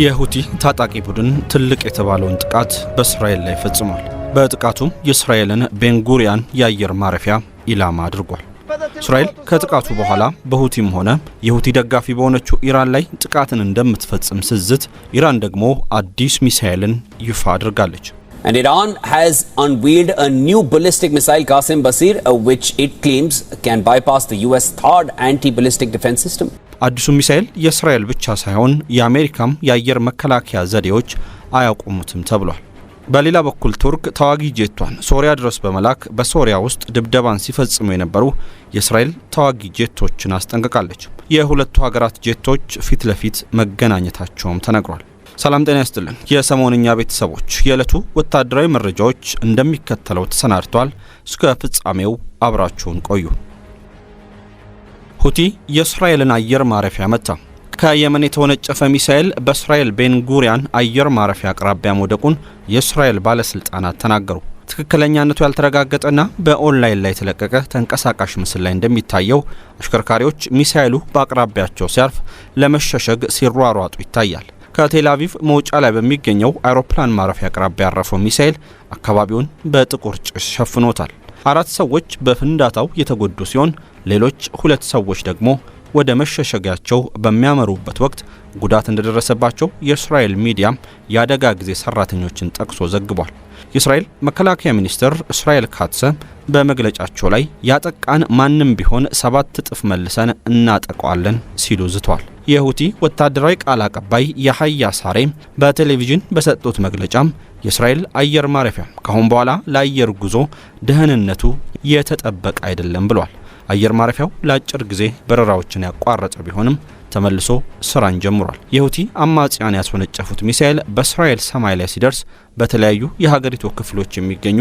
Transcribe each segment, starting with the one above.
የሁቲ ታጣቂ ቡድን ትልቅ የተባለውን ጥቃት በእስራኤል ላይ ፈጽሟል። በጥቃቱም የእስራኤልን ቤንጉሪያን የአየር ማረፊያ ኢላማ አድርጓል። እስራኤል ከጥቃቱ በኋላ በሁቲም ሆነ የሁቲ ደጋፊ በሆነችው ኢራን ላይ ጥቃትን እንደምትፈጽም ስዝት፣ ኢራን ደግሞ አዲስ ሚሳኤልን ይፋ አድርጋለች። And Iran has unveiled a new ballistic missile Qasim Basir, uh, which it claims can bypass the US third anti አዲሱ ሚሳኤል የእስራኤል ብቻ ሳይሆን የአሜሪካም የአየር መከላከያ ዘዴዎች አያቆሙትም ተብሏል። በሌላ በኩል ቱርክ ተዋጊ ጄቷን ሶሪያ ድረስ በመላክ በሶሪያ ውስጥ ድብደባን ሲፈጽሙ የነበሩ የእስራኤል ተዋጊ ጄቶችን አስጠንቅቃለች። የሁለቱ ሀገራት ጄቶች ፊት ለፊት መገናኘታቸውም ተነግሯል። ሰላም ጤና ይስጥልን፣ የሰሞንኛ ቤተሰቦች፣ የዕለቱ ወታደራዊ መረጃዎች እንደሚከተለው ተሰናድተዋል። እስከ ፍጻሜው አብራችሁን ቆዩ። ሁቲ የእስራኤልን አየር ማረፊያ መታ። ከየመን የተወነጨፈ ሚሳኤል በእስራኤል ቤንጉሪያን አየር ማረፊያ አቅራቢያ መውደቁን የእስራኤል ባለስልጣናት ተናገሩ። ትክክለኛነቱ ያልተረጋገጠና በኦንላይን ላይ የተለቀቀ ተንቀሳቃሽ ምስል ላይ እንደሚታየው አሽከርካሪዎች ሚሳኤሉ በአቅራቢያቸው ሲያርፍ ለመሸሸግ ሲሯሯጡ ይታያል። ከቴል አቪቭ መውጫ ላይ በሚገኘው አውሮፕላን ማረፊያ አቅራቢያ ያረፈው ሚሳኤል አካባቢውን በጥቁር ጭስ ሸፍኖታል። አራት ሰዎች በፍንዳታው የተጎዱ ሲሆን ሌሎች ሁለት ሰዎች ደግሞ ወደ መሸሸጊያቸው በሚያመሩበት ወቅት ጉዳት እንደደረሰባቸው የእስራኤል ሚዲያም የአደጋ ጊዜ ሰራተኞችን ጠቅሶ ዘግቧል። የእስራኤል መከላከያ ሚኒስትር እስራኤል ካትሰ በመግለጫቸው ላይ ያጠቃን ማንም ቢሆን ሰባት እጥፍ መልሰን እናጠቀዋለን ሲሉ ዝቷል። የሁቲ ወታደራዊ ቃል አቀባይ የሀያ ሳሬ በቴሌቪዥን በሰጡት መግለጫም የእስራኤል አየር ማረፊያ ካሁን በኋላ ለአየር ጉዞ ደህንነቱ የተጠበቀ አይደለም ብሏል። አየር ማረፊያው ለአጭር ጊዜ በረራዎችን ያቋረጠ ቢሆንም ተመልሶ ስራን ጀምሯል። የሁቲ አማጽያን ያስወነጨፉት ሚሳኤል በእስራኤል ሰማይ ላይ ሲደርስ በተለያዩ የሀገሪቱ ክፍሎች የሚገኙ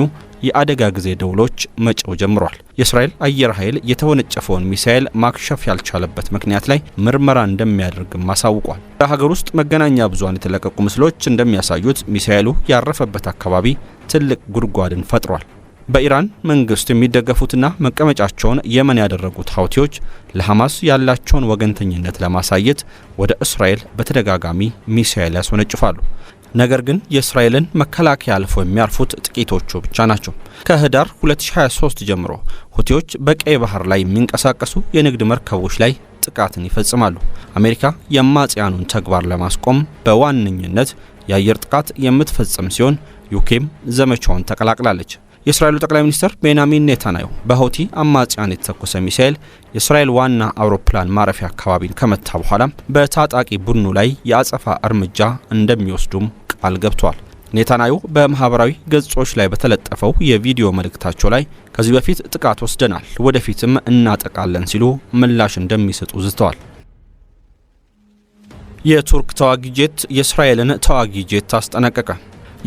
የአደጋ ጊዜ ደውሎች መጨው ጀምሯል። የእስራኤል አየር ኃይል የተወነጨፈውን ሚሳኤል ማክሸፍ ያልቻለበት ምክንያት ላይ ምርመራ እንደሚያደርግም አሳውቋል። ለሀገር ውስጥ መገናኛ ብዙን የተለቀቁ ምስሎች እንደሚያሳዩት ሚሳኤሉ ያረፈበት አካባቢ ትልቅ ጉድጓድን ፈጥሯል። በኢራን መንግስት የሚደገፉትና መቀመጫቸውን የመን ያደረጉት ሀውቲዎች ለሐማስ ያላቸውን ወገንተኝነት ለማሳየት ወደ እስራኤል በተደጋጋሚ ሚሳኤል ያስወነጭፋሉ። ነገር ግን የእስራኤልን መከላከያ አልፎ የሚያርፉት ጥቂቶቹ ብቻ ናቸው። ከህዳር 2023 ጀምሮ ሁቲዎች በቀይ ባህር ላይ የሚንቀሳቀሱ የንግድ መርከቦች ላይ ጥቃትን ይፈጽማሉ። አሜሪካ የአማጽያኑን ተግባር ለማስቆም በዋነኝነት የአየር ጥቃት የምትፈጽም ሲሆን ዩኬም ዘመቻውን ተቀላቅላለች። የእስራኤሉ ጠቅላይ ሚኒስትር ቤንያሚን ኔታንያሁ በሆቲ አማጽያን የተተኮሰ ሚሳኤል የእስራኤል ዋና አውሮፕላን ማረፊያ አካባቢን ከመታ በኋላ በታጣቂ ቡድኑ ላይ የአጸፋ እርምጃ እንደሚወስዱም ቃል ገብቷል። ኔታንያሁ በማህበራዊ ገጾች ላይ በተለጠፈው የቪዲዮ መልእክታቸው ላይ ከዚህ በፊት ጥቃት ወስደናል፣ ወደፊትም እናጠቃለን ሲሉ ምላሽ እንደሚሰጡ ዝተዋል። የቱርክ ተዋጊ ጄት የእስራኤልን ተዋጊ ጄት አስጠነቀቀ።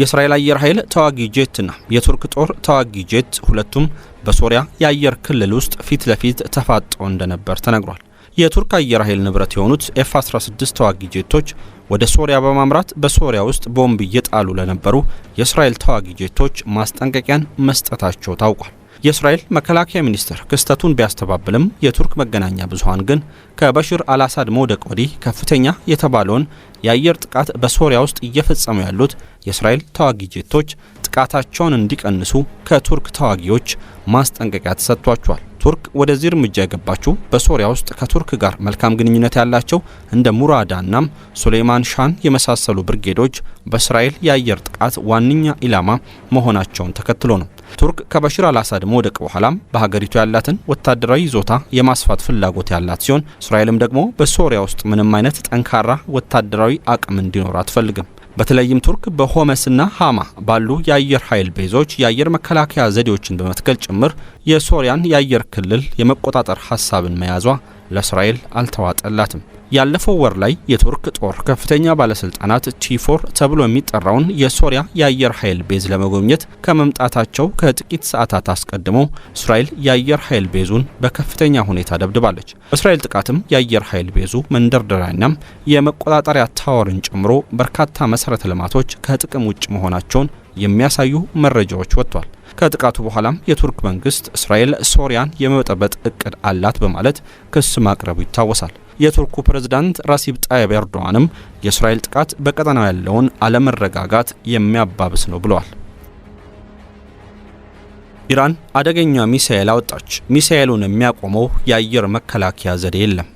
የእስራኤል አየር ኃይል ተዋጊ ጄትና የቱርክ ጦር ተዋጊ ጄት ሁለቱም በሶሪያ የአየር ክልል ውስጥ ፊት ለፊት ተፋጠው እንደነበር ተነግሯል። የቱርክ አየር ኃይል ንብረት የሆኑት ኤፍ 16 ተዋጊ ጄቶች ወደ ሶሪያ በማምራት በሶሪያ ውስጥ ቦምብ እየጣሉ ለነበሩ የእስራኤል ተዋጊ ጄቶች ማስጠንቀቂያን መስጠታቸው ታውቋል። የእስራኤል መከላከያ ሚኒስትር ክስተቱን ቢያስተባብልም የቱርክ መገናኛ ብዙሀን ግን ከበሽር አልአሳድ መውደቅ ወዲህ ከፍተኛ የተባለውን የአየር ጥቃት በሶሪያ ውስጥ እየፈጸሙ ያሉት የእስራኤል ተዋጊ ጄቶች ጥቃታቸውን እንዲቀንሱ ከቱርክ ተዋጊዎች ማስጠንቀቂያ ተሰጥቷቸዋል። ቱርክ ወደዚህ እርምጃ የገባችው በሶሪያ ውስጥ ከቱርክ ጋር መልካም ግንኙነት ያላቸው እንደ ሙራዳናም ሱሌይማን ሻን የመሳሰሉ ብርጌዶች በእስራኤል የአየር ጥቃት ዋነኛ ኢላማ መሆናቸውን ተከትሎ ነው። ቱርክ ከበሽር አልአሳድ መውደቅ በኋላም በሀገሪቱ ያላትን ወታደራዊ ይዞታ የማስፋት ፍላጎት ያላት ሲሆን እስራኤልም ደግሞ በሶሪያ ውስጥ ምንም አይነት ጠንካራ ወታደራዊ አቅም እንዲኖር አትፈልግም። በተለይም ቱርክ በሆመስና ሃማ ባሉ የአየር ኃይል ቤዞች የአየር መከላከያ ዘዴዎችን በመትከል ጭምር የሶሪያን የአየር ክልል የመቆጣጠር ሀሳብን መያዟ ለእስራኤል አልተዋጠላትም። ያለፈው ወር ላይ የቱርክ ጦር ከፍተኛ ባለስልጣናት ቺፎር ተብሎ የሚጠራውን የሶሪያ የአየር ኃይል ቤዝ ለመጎብኘት ከመምጣታቸው ከጥቂት ሰዓታት አስቀድሞ እስራኤል የአየር ኃይል ቤዙን በከፍተኛ ሁኔታ ደብድባለች። እስራኤል ጥቃትም የአየር ኃይል ቤዙ መንደርደሪያናም የመቆጣጠሪያ ታወርን ጨምሮ በርካታ መሰረተ ልማቶች ከጥቅም ውጭ መሆናቸውን የሚያሳዩ መረጃዎች ወጥቷል። ከጥቃቱ በኋላም የቱርክ መንግስት እስራኤል ሶሪያን የመበጠበጥ እቅድ አላት በማለት ክስ ማቅረቡ ይታወሳል። የቱርኩ ፕሬዝዳንት ራሲብ ጣይብ ኤርዶዋንም የእስራኤል ጥቃት በቀጠናው ያለውን አለመረጋጋት የሚያባብስ ነው ብለዋል። ኢራን አደገኛ ሚሳኤል አወጣች። ሚሳኤሉን የሚያቆመው የአየር መከላከያ ዘዴ የለም።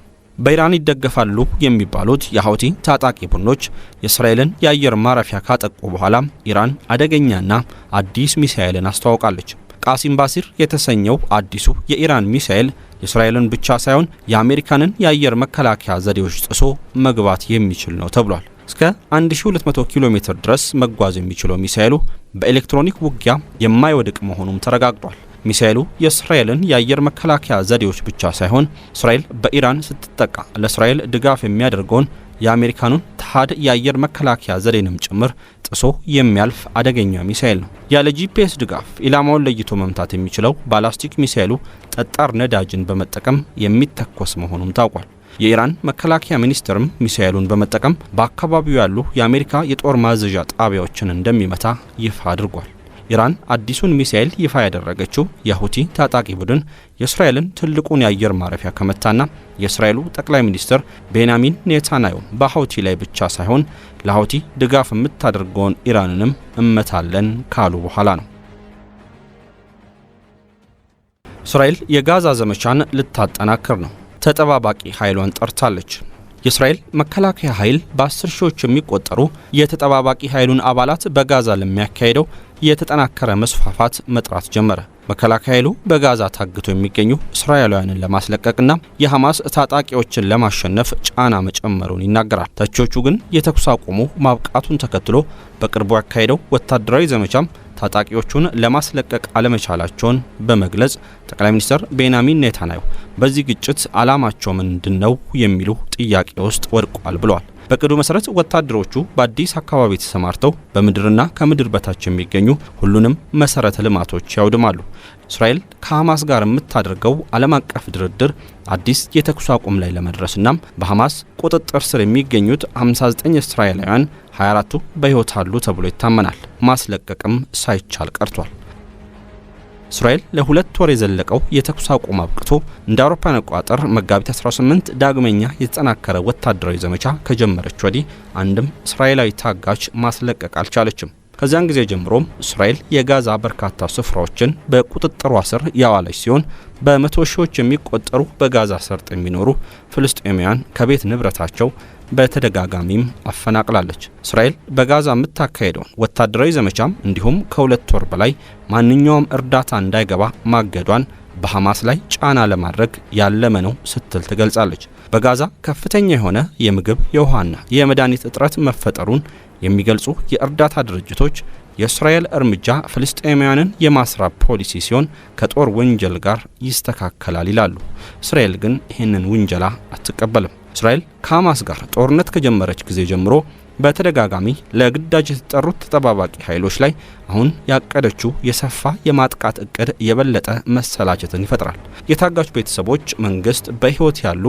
በኢራን ይደገፋሉ የሚባሉት የሐውቲ ታጣቂ ቡድኖች የእስራኤልን የአየር ማረፊያ ካጠቁ በኋላ ኢራን አደገኛና አዲስ ሚሳኤልን አስተዋውቃለች። ቃሲም ባሲር የተሰኘው አዲሱ የኢራን ሚሳኤል የእስራኤልን ብቻ ሳይሆን የአሜሪካንን የአየር መከላከያ ዘዴዎች ጥሶ መግባት የሚችል ነው ተብሏል። እስከ 1200 ኪሎ ሜትር ድረስ መጓዝ የሚችለው ሚሳኤሉ በኤሌክትሮኒክ ውጊያ የማይወድቅ መሆኑም ተረጋግጧል። ሚሳኤሉ የእስራኤልን የአየር መከላከያ ዘዴዎች ብቻ ሳይሆን እስራኤል በኢራን ስትጠቃ ለእስራኤል ድጋፍ የሚያደርገውን የአሜሪካኑን ተሃድ የአየር መከላከያ ዘዴንም ጭምር ጥሶ የሚያልፍ አደገኛ ሚሳኤል ነው። ያለ ጂፒኤስ ድጋፍ ኢላማውን ለይቶ መምታት የሚችለው ባላስቲክ ሚሳኤሉ ጠጣር ነዳጅን በመጠቀም የሚተኮስ መሆኑም ታውቋል። የኢራን መከላከያ ሚኒስትርም ሚሳኤሉን በመጠቀም በአካባቢው ያሉ የአሜሪካ የጦር ማዘዣ ጣቢያዎችን እንደሚመታ ይፋ አድርጓል። ኢራን አዲሱን ሚሳኤል ይፋ ያደረገችው የሁቲ ታጣቂ ቡድን የእስራኤልን ትልቁን የአየር ማረፊያ ከመታና የእስራኤሉ ጠቅላይ ሚኒስትር ቤንያሚን ኔታንያሁ በሀውቲ ላይ ብቻ ሳይሆን ለሀውቲ ድጋፍ የምታደርገውን ኢራንንም እመታለን ካሉ በኋላ ነው። እስራኤል የጋዛ ዘመቻን ልታጠናክር ነው። ተጠባባቂ ኃይሏን ጠርታለች። የእስራኤል መከላከያ ኃይል በአስር ሺዎች የሚቆጠሩ የተጠባባቂ ኃይሉን አባላት በጋዛ ለሚያካሄደው የተጠናከረ መስፋፋት መጥራት ጀመረ። መከላከያ ኃይሉ በጋዛ ታግቶ የሚገኙ እስራኤላውያንን ለማስለቀቅና የሐማስ ታጣቂዎችን ለማሸነፍ ጫና መጨመሩን ይናገራል። ተቺዎቹ ግን የተኩስ አቁሙ ማብቃቱን ተከትሎ በቅርቡ ያካሄደው ወታደራዊ ዘመቻም ታጣቂዎቹን ለማስለቀቅ አለመቻላቸውን በመግለጽ ጠቅላይ ሚኒስትር ቤንያሚን ኔታንያሁ በዚህ ግጭት ዓላማቸው ምንድን ነው የሚሉ ጥያቄ ውስጥ ወድቋል ብለዋል። በቅዱ መሰረት ወታደሮቹ በአዲስ አካባቢ ተሰማርተው በምድርና ከምድር በታች የሚገኙ ሁሉንም መሰረተ ልማቶች ያውድማሉ። እስራኤል ከሐማስ ጋር የምታደርገው ዓለም አቀፍ ድርድር አዲስ የተኩስ አቁም ላይ ና በሐማስ ቁጥጥር ስር የሚገኙት 59 እስራኤላውያን 24ቱ በሕይወት አሉ ተብሎ ይታመናል። ማስለቀቅም ሳይቻል ቀርቷል። እስራኤል ለሁለት ወር የዘለቀው የተኩስ አቁም አብቅቶ እንደ አውሮፓን አቆጣጠር መጋቢት 18 ዳግመኛ የተጠናከረ ወታደራዊ ዘመቻ ከጀመረች ወዲህ አንድም እስራኤላዊ ታጋች ማስለቀቅ አልቻለችም። ከዚያን ጊዜ ጀምሮም እስራኤል የጋዛ በርካታ ስፍራዎችን በቁጥጥሯ ስር ያዋለች ሲሆን በመቶ ሺዎች የሚቆጠሩ በጋዛ ሰርጥ የሚኖሩ ፍልስጤማውያን ከቤት ንብረታቸው በተደጋጋሚም አፈናቅላለች። እስራኤል በጋዛ የምታካሄደውን ወታደራዊ ዘመቻም እንዲሁም ከሁለት ወር በላይ ማንኛውም እርዳታ እንዳይገባ ማገዷን በሐማስ ላይ ጫና ለማድረግ ያለመ ነው ስትል ትገልጻለች። በጋዛ ከፍተኛ የሆነ የምግብ የውሃና የመድኃኒት እጥረት መፈጠሩን የሚገልጹ የእርዳታ ድርጅቶች የእስራኤል እርምጃ ፍልስጤማውያንን የማስራብ ፖሊሲ ሲሆን ከጦር ወንጀል ጋር ይስተካከላል ይላሉ። እስራኤል ግን ይህንን ውንጀላ አትቀበልም። እስራኤል ከሐማስ ጋር ጦርነት ከጀመረች ጊዜ ጀምሮ በተደጋጋሚ ለግዳጅ የተጠሩት ተጠባባቂ ኃይሎች ላይ አሁን ያቀደችው የሰፋ የማጥቃት እቅድ የበለጠ መሰላቸትን ይፈጥራል። የታጋች ቤተሰቦች መንግስት በሕይወት ያሉ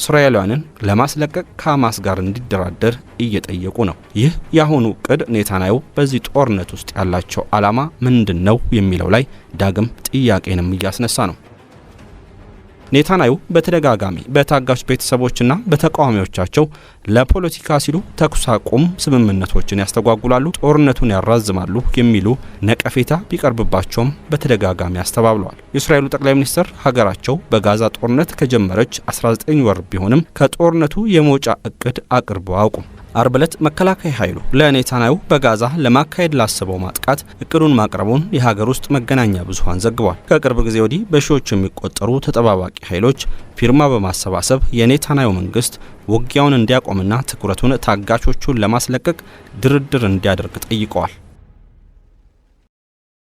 እስራኤላውያንን ለማስለቀቅ ከሐማስ ጋር እንዲደራደር እየጠየቁ ነው። ይህ የአሁኑ እቅድ ኔታናዩ በዚህ ጦርነት ውስጥ ያላቸው ዓላማ ምንድን ነው የሚለው ላይ ዳግም ጥያቄንም እያስነሳ ነው። ኔታናዩ በተደጋጋሚ በታጋች ቤተሰቦችና በተቃዋሚዎቻቸው ለፖለቲካ ሲሉ ተኩስ አቁም ስምምነቶችን ያስተጓጉላሉ፣ ጦርነቱን ያራዝማሉ የሚሉ ነቀፌታ ቢቀርብባቸውም በተደጋጋሚ አስተባብለዋል። የእስራኤሉ ጠቅላይ ሚኒስትር ሀገራቸው በጋዛ ጦርነት ከጀመረች 19 ወር ቢሆንም ከጦርነቱ የመውጫ እቅድ አቅርበው አያውቁም። አርብ ዕለት መከላከያ ኃይሉ ለኔታናዩ በጋዛ ለማካሄድ ላሰበው ማጥቃት እቅዱን ማቅረቡን የሀገር ውስጥ መገናኛ ብዙኃን ዘግቧል። ከቅርብ ጊዜ ወዲህ በሺዎች የሚቆጠሩ ተጠባባቂ ኃይሎች ፊርማ በማሰባሰብ የኔታናዩ መንግስት ውጊያውን እንዲያቆምና ትኩረቱን ታጋቾቹን ለማስለቀቅ ድርድር እንዲያደርግ ጠይቀዋል።